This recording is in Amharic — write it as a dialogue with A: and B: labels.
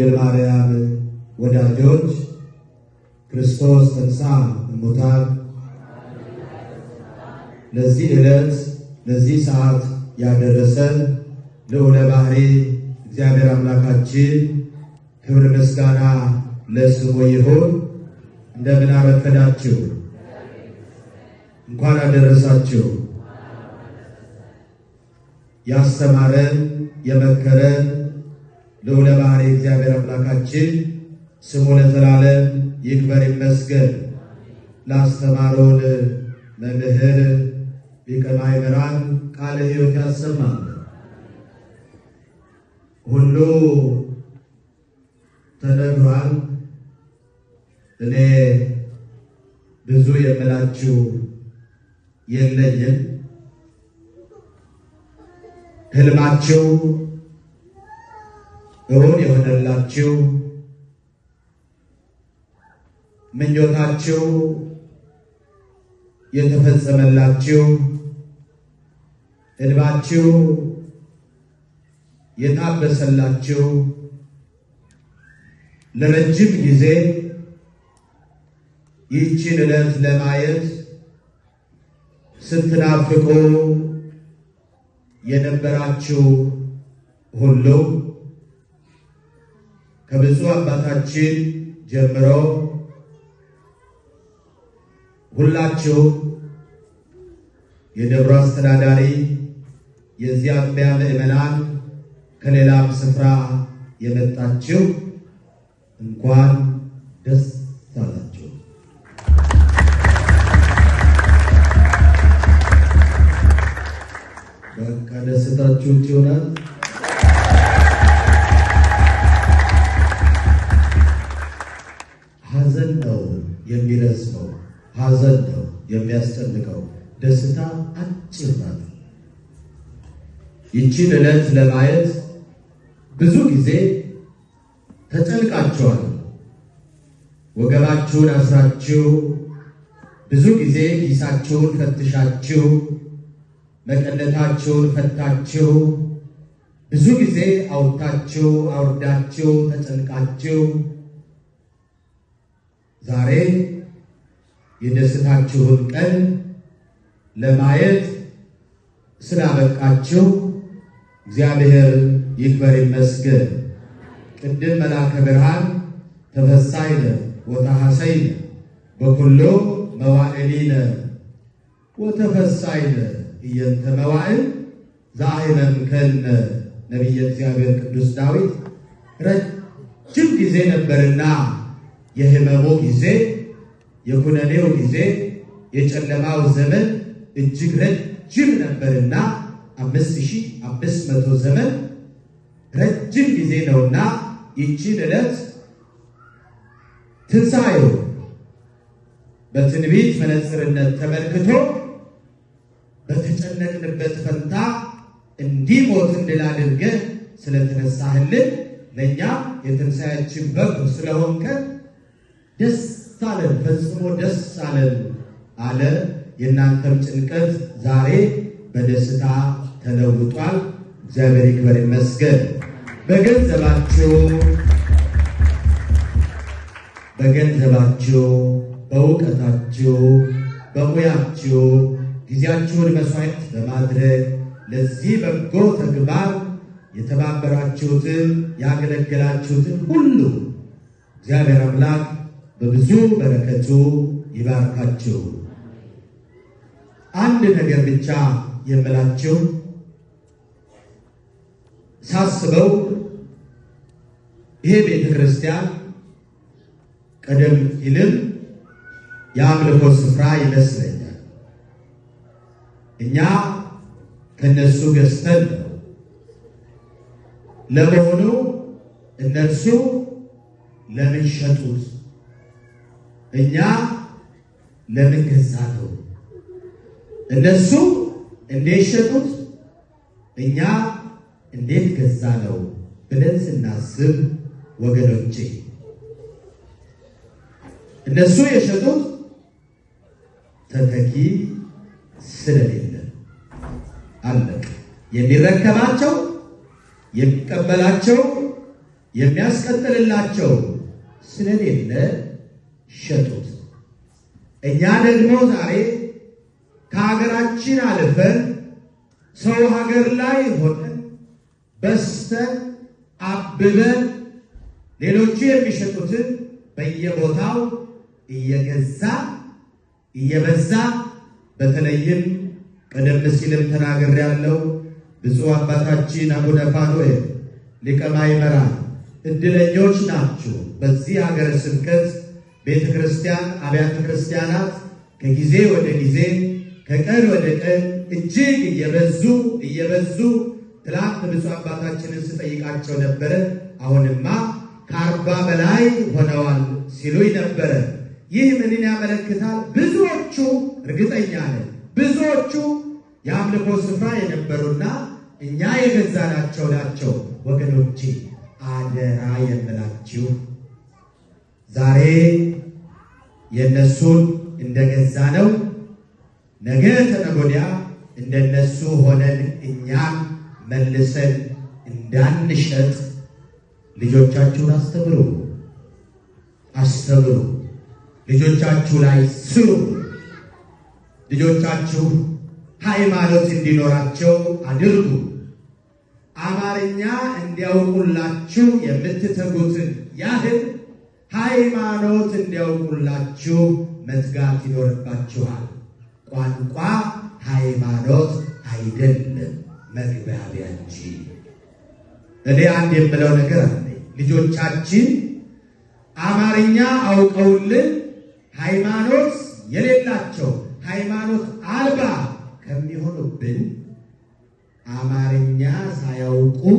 A: የድንግል ማርያም ወዳጆች ክርስቶስ ተንሥአ እሙታን ለዚህ ዕለት ለዚህ ሰዓት ያደረሰን ልዑለ ባህሪ እግዚአብሔር አምላካችን ክብር ምስጋና ለስሙ ይሁን። እንደምን አረፈዳችሁ? እንኳን አደረሳችሁ። ያስተማረን የመከረን ልዑለ ባህሪ እግዚአብሔር አምላካችን ስሙ ለዘላለም ይክበር ይመስገን። ላስተማሩን መምህር ሊቀ ማእምራን ቃለ ሕይወት ያሰማል። ሁሉ ተነግሯል። እኔ ብዙ የምላችሁ የለኝም። ህልማቸው እውን የሆነላችሁ ምኞታችሁ የተፈጸመላችሁ እንባችሁ የታበሰላችሁ ለረጅም ጊዜ ይህችን ዕለት ለማየት ስትናፍቁ የነበራችሁ ሁሉ ከብዙ አባታችን ጀምሮ ሁላችሁ የደብሮ አስተዳዳሪ፣ የዚህ አጥቢያ ምእመናን፣ ከሌላም ስፍራ የመጣችው እንኳን ደስ አላችሁ። በቃ ደስታችሁ ይሆናል። የሚረዝ ነው። ሐዘን ነው የሚያስጨንቀው። ደስታ አጭር ናት። ይቺን ዕለት ለማየት ብዙ ጊዜ ተጨንቃችኋል። ወገባችሁን አስራችሁ ብዙ ጊዜ ኪሳችሁን ፈትሻችሁ መቀነታችሁን ፈታችሁ ብዙ ጊዜ አውታችሁ አውርዳችሁ ተጨንቃችሁ ዛሬ የደስታችሁን ቀን ለማየት ስላበቃችሁ እግዚአብሔር ይክበር ይመስገን። ቅድም መልአከ ብርሃን ተፈሳይነ ወተሐሰይነ በኩሎ መዋዕሊነ ወተፈሳይነ እየንተ መዋዕል ዘአሕመምከነ ነቢየ እግዚአብሔር ቅዱስ ዳዊት ረጅም ጊዜ ነበርና የህመሙ ጊዜ የሁነኔው ጊዜ የጨለማው ዘመን እጅግ ረጅም ነበርና አምስት ሺህ አምስት መቶ ዘመን ረጅም ጊዜ ነውና ይቺን ዕለት ትንሣኤው በትንቢት መነጽርነት ተመልክቶ በተጨነቅንበት ፈንታ እንዲሞት እንድል አድርገህ ስለተነሳህልን ለእኛ የትንሣያችን በኩር ስለሆንከ ደስ አለን፣ ፈጽሞ ደስ አለን አለ። የእናንተም ጭንቀት ዛሬ በደስታ ተለውጧል። እግዚአብሔር ይክበር ይመስገን። በገንዘባችሁ በገንዘባችሁ፣ በእውቀታችሁ፣ በሙያችሁ ጊዜያችሁን መስዋዕት በማድረግ ለዚህ በጎ ተግባር የተባበራችሁትን ያገለገላችሁትን ሁሉ እግዚአብሔር አምላክ በብዙ በረከቱ ይባርካችሁ። አንድ ነገር ብቻ የምላችሁ ሳስበው ይሄ ቤተ ክርስቲያን ቀደም ይልም የአምልኮ ስፍራ ይመስለኛል። እኛ ከነሱ ገዝተን ነው። ለመሆኑ እነርሱ ለምን ሸጡት? እኛ ለምን ገዛነው? እነሱ እንዴት ሸጡት? እኛ እንዴት ገዛነው ብለን ስናስብ ወገኖቼ እነሱ የሸጡት ተተኪ ስለሌለ አለቅ የሚረከባቸው የሚቀበላቸው የሚያስቀጥልላቸው ስለሌለ ሸጡት። እኛ ደግሞ ዛሬ ከሀገራችን አልፈን ሰው ሀገር ላይ ሆነን በስተን አብበን ሌሎቹ የሚሸጡትን በየቦታው እየገዛ እየበዛ በተለይም ቀደም ሲልም ተናገር ያለው ብፁዕ አባታችን አቡነ ፋኑኤል ሊቀ ማእምራን እድለኞች ናችሁ በዚህ ሀገረ ስብከት ቤተ ክርስቲያን አብያተ ክርስቲያናት ከጊዜ ወደ ጊዜ ከቀን ወደ ቀን እጅግ እየበዙ እየበዙ ትላንት ብፁዕ አባታችንን ስጠይቃቸው ነበረ። አሁንማ ከአርባ በላይ ሆነዋል ሲሉኝ ነበረ። ይህ ምንን ያመለክታል? ብዙዎቹ እርግጠኛ ነን ብዙዎቹ የአምልኮ ስፍራ የነበሩና እኛ የገዛናቸው ናቸው። ወገኖቼ አደራ የምላችሁ ዛሬ የነሱን እንደገዛ ነው። ነገ ተነጎዲያ እንደነሱ ሆነን እኛ መልሰን እንዳንሸጥ ልጆቻችሁን አስተምሩ፣ አስተምሩ። ልጆቻችሁ ላይ ስሩ። ልጆቻችሁ ሃይማኖት እንዲኖራቸው አድርጉ። አማርኛ እንዲያውቁላችሁ የምትተጉትን ያህል ሃይማኖት እንዲያውቁላችሁ መትጋት ይኖርባችኋል። ቋንቋ ሃይማኖት አይደለም መግባቢያ እንጂ። እኔ አንድ የምለው ነገር አለ። ልጆቻችን አማርኛ አውቀውልን ሃይማኖት የሌላቸው ሃይማኖት አልባ ከሚሆኑብን አማርኛ ሳያውቁ